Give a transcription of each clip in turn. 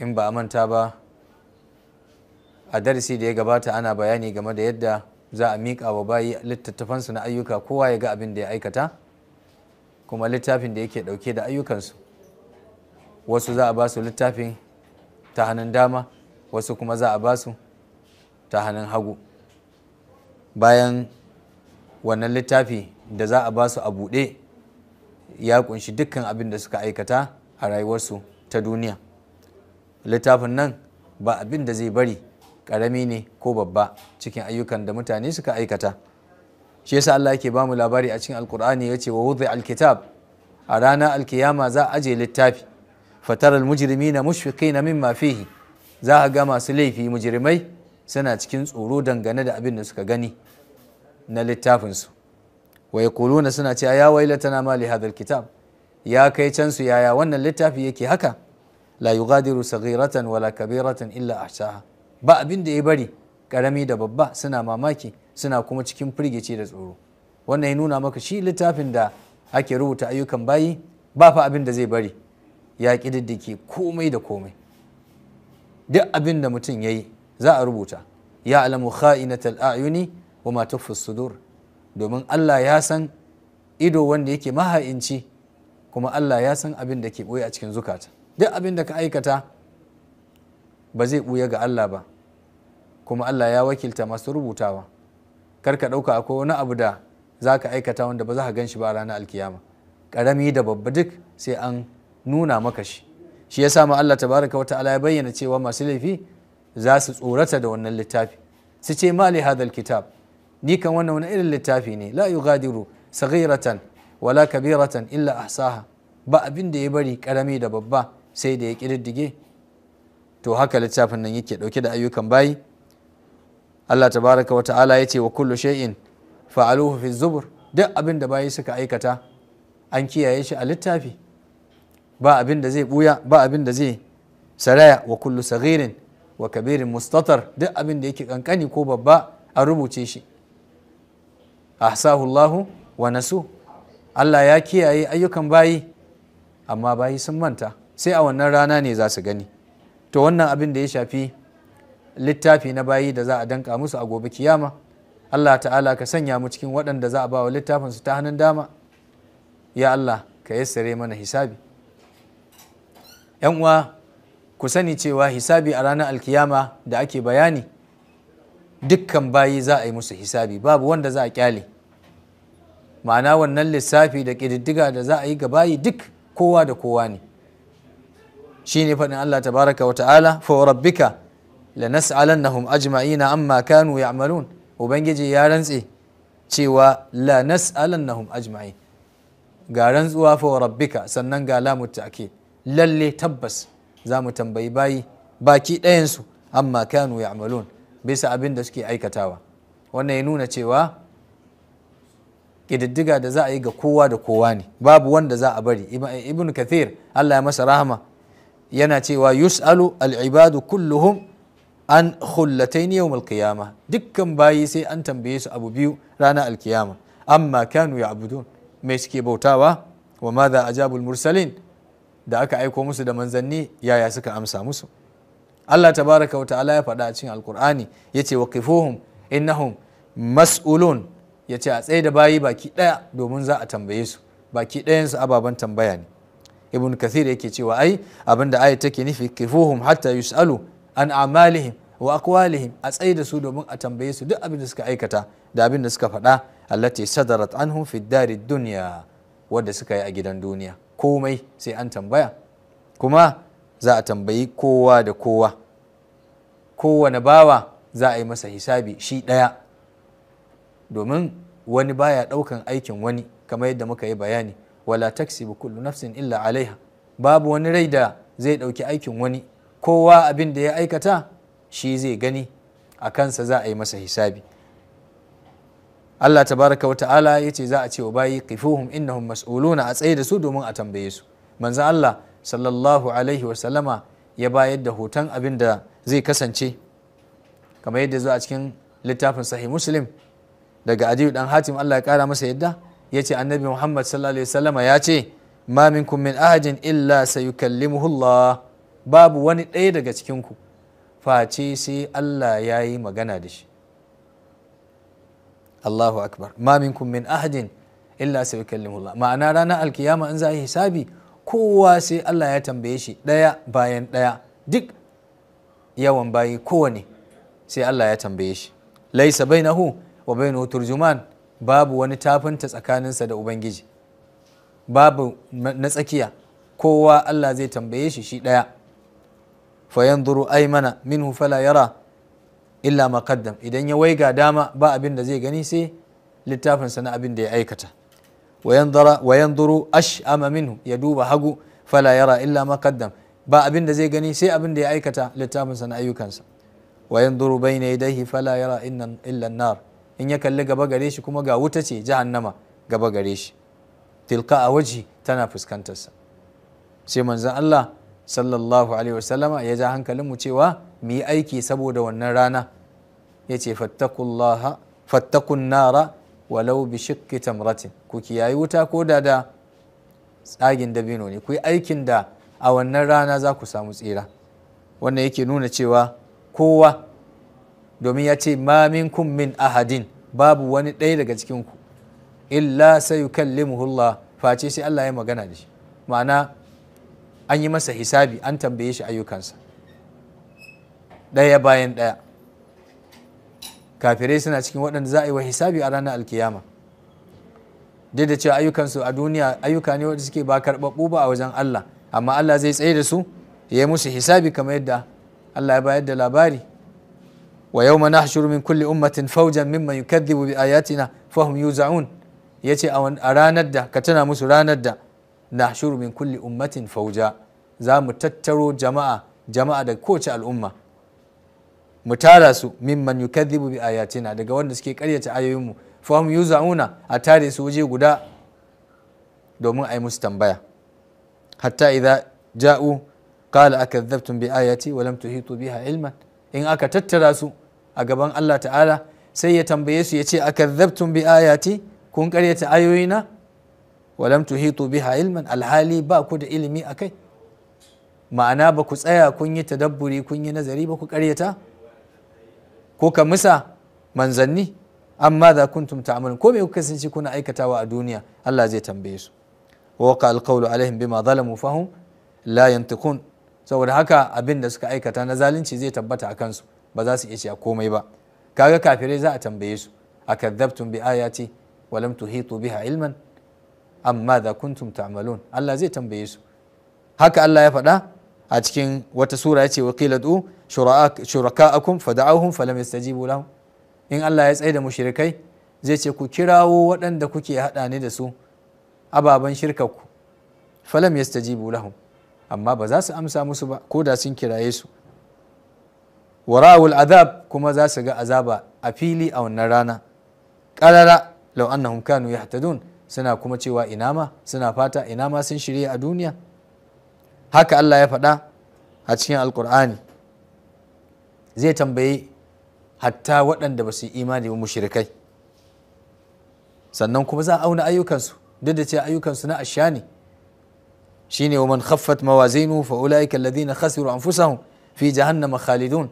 in ba a manta ba a darasi da ya gabata ana bayani game da yadda za a miƙa wa bayi littattafansu na ayyuka kowa ya ga abin da ya aikata kuma littafin da yake ɗauke da ayyukansu wasu za a ba su littafin ta hannun dama wasu kuma za a ba su ta hannun hagu bayan wannan littafi da za a ba su a buɗe ya kunshi dukkan abin da suka aikata a rayuwarsu ta duniya littafin nan ba abin da zai bari ƙarami ne ko babba cikin ayyukan da mutane suka aikata shi yasa Allah yake ba mu labari a cikin alkur'ani ya ce wa wuzi alkitab a ranar alkiyama za a ajiye littafi fatar almujirimi na mushfiqi na mimma fihi za a ga masu laifi mujirimai suna cikin tsoro dangane da abin da suka gani na littafinsu wa yaquluna suna cewa ya wailatana ma li hadha alkitab ya kai can su yaya wannan littafi yake haka la yugadiru saghiratan wala kabiratan illa ahsaha ba abin da ya bari karami da babba suna mamaki suna kuma cikin firgici da tsoro wannan ya nuna maka shi littafin da ake rubuta ayyukan bayi ba fa abin da zai bari ya ƙididdike komai da komai duk abin da mutum ya yi za a rubuta ya alamu kha'inatal a'yuni wa ma sudur domin Allah ya san ido wanda yake maha'inci kuma Allah ya san abin da ke ɓoye a cikin zukata duk abin da ka aikata ba zai ɓuya ga Allah ba kuma Allah ya wakilta masu rubutawa kar ka ɗauka akwai wani abu da za ka aikata wanda ba za ka gan shi ba ranar alkiyama ƙarami da babba duk sai an nuna maka shi shi ya samu Allah tabaraka wa ta'ala ya bayyana cewa masu laifi za su tsorata da wannan littafi su ce mali hadal kitab ni kan wannan wani irin littafi ne la yughadiru saghiratan wala kabiratan illa ahsaha ba abin da ya bari karami da babba sai da ya ƙididdige to haka littafin nan yake ɗauke da ayyukan bayi Allah tabaraka wa ta'ala ya ce wa kullu shay'in fa'aluhu fi zubur duk abin da bayi suka aikata an kiyaye shi a littafi ba abin da zai buya ba abin da zai saraya wa kullu saghirin wa kabirin mustatar duk abin da yake kankani ko babba an rubuce shi ahsahu Allahu wa nasu Allah ya kiyaye ayyukan bayi amma bayi sun manta sai a wannan rana ne za su gani to wannan abin da ya shafi littafi na bayi da za a danka musu a gobe kiyama Allah ta'ala ka sanya mu cikin waɗanda za a ba wa littafin su ta hannun dama ya Allah ka yassare mana hisabi yan uwa ku sani cewa hisabi a ranar alkiyama da ake bayani dukkan bayi za a yi musu hisabi babu wanda za a kyale ma'ana wannan lissafi da kididdiga da za a yi ga bayi duk kowa da kowa ne shine faɗin Allah tabaraka wa ta'ala fa rabbika lanas'alannahum ajma'ina amma kanu ya'malun ubangiji ya rantse cewa lanas'alannahum ajma'in ga rantsuwa fa rabbika sannan ga lamu ake. lalle tabbas za mu tambayi bayi baki ɗayansu amma kanu ya'malun bisa abin da suke aikatawa wannan ya nuna cewa ƙididdiga da za a yi ga kowa da kowa ne babu wanda za a bari ibn kathir allah ya masa rahama yana cewa yus'alu al'ibadu kulluhum an khullatayn yawm al dukkan bayi sai an tambaye su abu biyu ranar alkiyama amma kanu ya'budun me suke bautawa wa madha ajabul mursalin da aka aiko musu da manzanni yaya suka amsa musu Allah tabaraka wa ta'ala ya faɗa a cikin alkur'ani yace waqifuhum innahum mas'ulun yace a tsaye da bayi baki daya domin za a tambaye su baki su ababen tambaya ne ibn kathir yake cewa ai abinda ayat take nufi kifuhum hatta yusalu an amalihim wa aqwalihim a tsaye da su domin a tambaye su duk abin da suka aikata da abin da suka faɗa allati sadarat anhum fi dari dunya wanda suka yi a gidan duniya komai sai an tambaya kuma za a tambayi kowa da kowa kowane bawa za a yi masa hisabi shi ɗaya domin wani baya ɗaukan aikin wani kamar yadda muka yi bayani wala taksibu kullu nafsin illa alaiha babu wani rai da zai ɗauki aikin wani kowa abin da ya aikata shi zai gani a kansa za a yi masa hisabi Allah tabaraka wa ta'ala ya ce za a ce wa bayi qifuhum innahum mas'uluna a tsaye da su domin a tambaye su manzo Allah sallallahu alaihi wa sallama ya bayar da hoton abin da zai kasance kamar yadda zuwa cikin littafin sahih muslim daga adiyu dan hatim Allah ya kara masa yadda ya ce annabi muhammad sallallahu alaihi wasallama ya ce ma minkum min ahadin illa sayukallimuhu Allah babu wani ɗaya daga cikinku face sai Allah ya yi magana da shi Allahu akbar ma minkum min ahadin illa sayukallimuhu Allah ma'ana ranar alkiyama in za a yi hisabi kowa sai Allah ya tambaye shi ɗaya bayan ɗaya duk yawan bayi kowane sai Allah ya tambaye shi laisa bainahu wa bainahu turjuman babu wani tafinta tsakaninsa da ubangiji babu na tsakiya kowa allah zai tambaye shi shi ɗaya fayanzuru aimana minhu fala yara illa maqaddam idan ya waiga dama ba abin da zai gani sai littafinsa na abin da ya aikata wayan duru ash ash'ama minhu ya duba hagu fala yara illa maqaddam ba abin da zai gani sai abin da ya aikata littafinsa na ayyukansa wayanzuru bayna yadayhi fala yara illa nar in ya kalli gaba gare shi kuma ga wuta ce jahannama gaba gare shi tilka a waje tana fuskantarsa sai manzon Allah sallallahu alaihi wasallama ya ja hankalin mu cewa mu yi aiki saboda wannan rana ya ce fattakun nara walau bi shikki tamratin ku kiyayi wuta ko da da tsagin dabino ne ku yi aikin da a wannan rana za ku samu tsira wannan yake nuna cewa kowa domin ya ce mamin kun min ahadin babu wani ɗaya daga cikinku illa sai yukallimuhullah face sai Allah ya magana da shi ma'ana an yi masa hisabi an tambaye shi ayyukansa ɗaya bayan ɗaya kafirai suna cikin waɗanda za a yi wa hisabi a ranar alkiyama duk da cewa ayyukansu a duniya ayyuka ne wanda suke ba karɓaɓɓu ba a wajen Allah amma Allah zai tsaye da su ya yi musu hisabi kamar yadda Allah ya bayar da labari ويوم نحشر من كل أمة فوجا ممن يكذب بآياتنا فهم يوزعون يتي أرانا دا كتنا مسرانا دا نحشر من كل أمة فوجا زام تترو جماعة جماعة دا كوش الأمة متارسو ممن يكذب بآياتنا دا قوانا سكي قرية آيومو فهم يوزعون أتارس وجي قدا دومون أي مستنبايا حتى إذا جاءوا قال أكذبتم بآياتي ولم تحيطوا بها علما إن أكتترسوا a gaban Allah ta'ala sai ya tambaye su ya ce akazzabtum bi ayati kun karyata ayoyina walam tuhitu biha ilman alhali ba ku da ilimi a kai? ma'ana ba ku tsaya kun yi tadabburi kun yi nazari ba ku karyata ko ka musa manzanni amma za kuntum ta'malun ko me kuka sanci kuna aikatawa a duniya Allah zai tambaye su wa waqa alqawlu alaihim bima zalamu fahum la yantiqun saboda haka abin da suka aikata na zalunci zai tabbata a kansu ba za su iya cewa komai ba kaga kafirai za a tambaye su akadzabtum bi ayati wa lam tuhitu biha ilman amma da kuntum ta'malun Allah zai tambaye su haka Allah ya faɗa a cikin wata sura yace wa qila du shuraka'akum fada'ahum falam yastajibu lahum in Allah ya tsaida da mushrikai zai ce ku kirawo waɗanda kuke haɗa ne da su ababen shirkarku falam yastajibu lahum amma ba za su amsa musu ba ko da sun kiraye su wara'ul azab kuma za su ga azaba a fili a wannan rana ƙarara lau annahum kanu yahtadun suna kuma cewa inama suna fata ina sun shirya a duniya haka Allah ya faɗa a cikin alkur'ani zai tambayi hatta waɗanda ba su yi imani ba mushrikai sannan kuma za a auna ayyukansu duk da cewa ayyukansu na asha ne shine wa man khaffat mawazinu fa ulaika alladhina khasiru anfusahum fi jahannama khalidun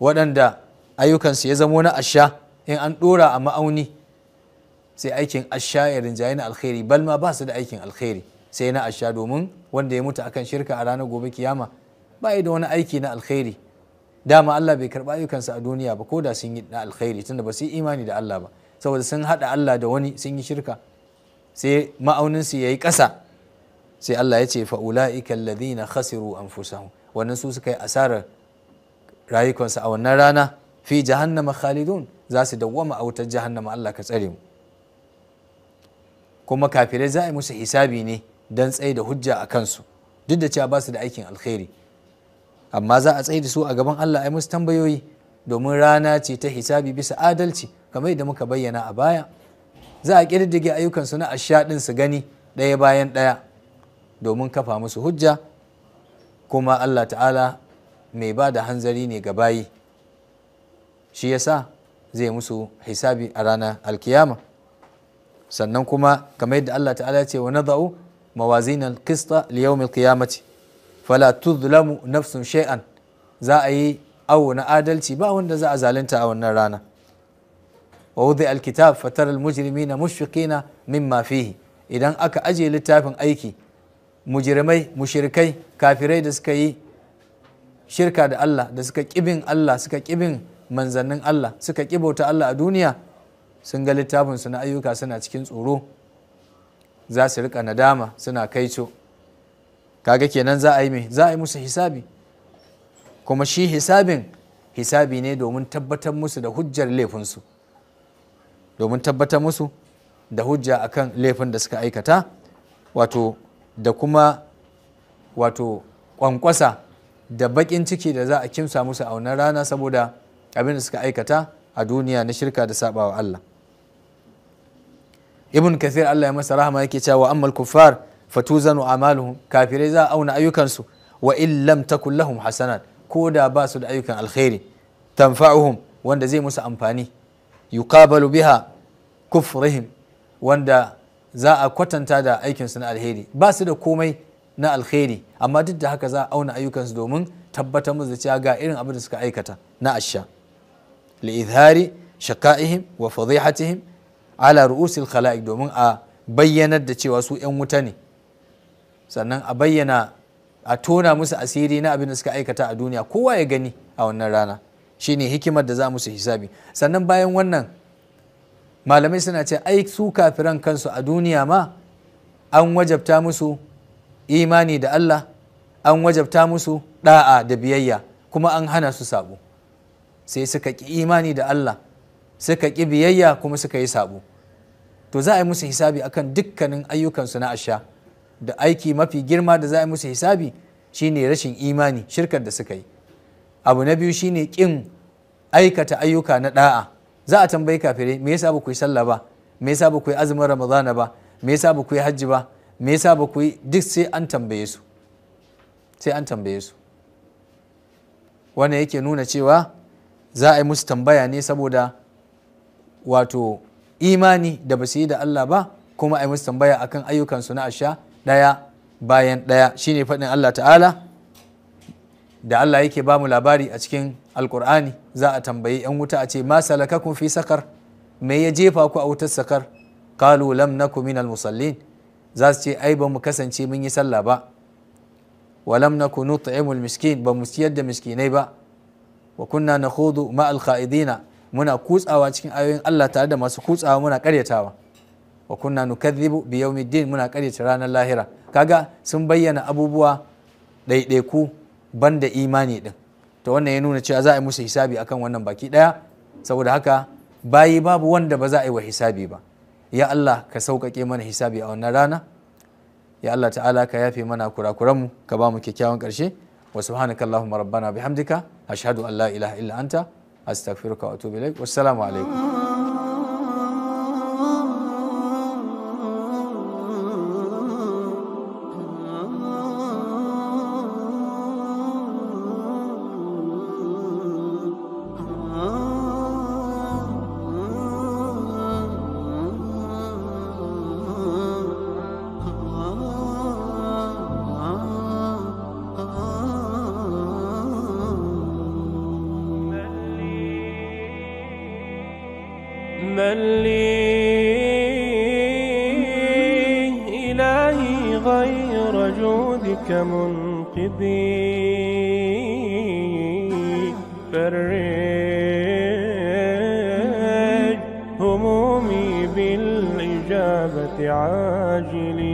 waɗanda ayyukansu ya zamo na asha in an ɗora a ma'auni sai aikin asha ya rinjaye na alkhairi bal ma ba su da aikin alkhairi sai na asha domin wanda ya mutu akan shirka a ranar gobe kiyama ba da wani aiki na alkhairi dama Allah bai karɓi ayyukansa a duniya ba ko da sun yi na alkhairi tunda ba su yi imani da Allah ba saboda sun haɗa Allah da wani sun yi shirka sai ma'auninsu ya yi ƙasa sai Allah ya ce fa'ula'ika alladhina khasiru anfusahum wannan su suka yi asarar rayukansu a wannan rana fi jahannama khalidun za su dawwama a wutar jahannama Allah ka tsare mu kuma kafirai za a yi musu hisabi ne don tsaye da hujja a kansu duk da cewa ba su da aikin alkhairi amma za a tsaye da su a gaban Allah a yi musu tambayoyi domin rana ce ta hisabi bisa adalci kamar da muka bayyana a baya za a ayyukan ayyukansu na ashaɗin su gani ɗaya bayan ɗaya domin kafa musu hujja kuma Allah ta'ala mai ba da hanzari ne ga bayi shi yasa zai musu hisabi a ranar alkiyama sannan kuma kamar yadda Allah ta'ala ce wa nadau mawazin alkista li yawm kiyamaci. fala tuzlamu nafsun shay'an za a yi awo na adalci ba wanda za a zalunta a wannan rana wa wudi alkitab fatara na mushfiqina mimma fihi idan aka ajiye littafin aiki mujirimai mushirikai kafirai da suka yi shirka da Allah da suka kibin Allah suka kibin manzannin Allah suka kibauta Allah a duniya sun ga littafin su na ayyuka suna cikin tsoro za su rika nadama suna kaico kaga kenan za a yi mai za a yi musu hisabi kuma shi hisabin hisabi ne domin tabbatar musu da hujjar laifinsu domin tabbatar musu da hujja akan laifin da suka aikata wato da kuma wato kwankwasa da baƙin ciki da za a kimsa musu a wannan rana saboda abin da suka aikata a duniya na shirka da sabawa Allah ibn kathir Allah ya masa rahama yake cewa ammal kuffar fatuzanu amaluhum kafirai za a auna ayyukansu wa in lam takun lahum hasanat ko da ba su da ayyukan alkhairi tanfa'uhum wanda zai musu amfani yuqabalu biha kufrihim wanda za a kwatanta da aikinsu na alheri ba su da komai na alkhairi amma duk da haka za a auna ayyukansu domin tabbatar musu da cewa ga irin abin da suka aikata na asha li idhari shaka'ihim wa fadihatihim ala ru'usil khala'iq domin a bayyanar da cewa su 'yan wuta ne sannan a bayyana a tona musu asiri na abin da suka aikata a duniya kowa ya gani a wannan rana shine hikimar da za musu hisabi sannan bayan wannan malamai suna ce ai su kafiran kansu a duniya ma an wajabta musu imani da Allah an wajabta musu da'a da biyayya kuma an hana su sabo sai suka ƙi imani da Allah suka ƙi biyayya kuma suka yi sabo to za a yi musu hisabi akan dukkanin ayyukansu na asha da aiki mafi girma da za a yi musu hisabi shine rashin imani shirkar da suka yi abu na biyu shine ƙin aikata ayyuka na da'a za a tambayi kafirai me yasa ba ku yi sallah ba me yasa ba ku yi azumin ramadana ba me yasa ba ku yi hajji ba me yasa ba ku yi duk sai an tambaye su sai an tambaye su wannan yake nuna cewa za a yi musu tambaya ne saboda wato imani da ba su yi da Allah ba kuma a yi musu tambaya akan ayyukansu na asha ɗaya bayan ɗaya shine faɗin Allah ta'ala da Allah yake ba mu labari a cikin alkur'ani za a tambayi 'yan wuta a ce ma kun fi sakar me ya jefa ku a wutar sakar kalu lam naku minal musallin za su ce ai ba mu kasance mun yi sallah ba walam na kunu ta'imul miskin ba mu ciyar da miskinai ba wa kunna na hudu ma'al kha'idina muna kutsawa cikin ayoyin Allah tare da masu kutsawa muna karyatawa wa kunna nukadhibu bi yawmiddin muna karyata ranar lahira kaga sun bayyana abubuwa ɗaiɗaiku banda imani din to wannan ya nuna cewa za a yi musu hisabi akan wannan baki ɗaya saboda haka bayi babu wanda ba za a yi wa hisabi ba ya Allah ka sauƙaƙe mana hisabi a wannan rana ya Allah ta'ala ka yafe mana kurakuranmu ka ba mu kyakkyawan ƙarshe wa subhanaka allahumma rabbana bihamdika ashhadu an la ilaha illa anta astaghfiruka wa atubu ilaik wassalamu alaikum لي إلهي غير جودك منقذي فرج همومي بالإجابة عاجلي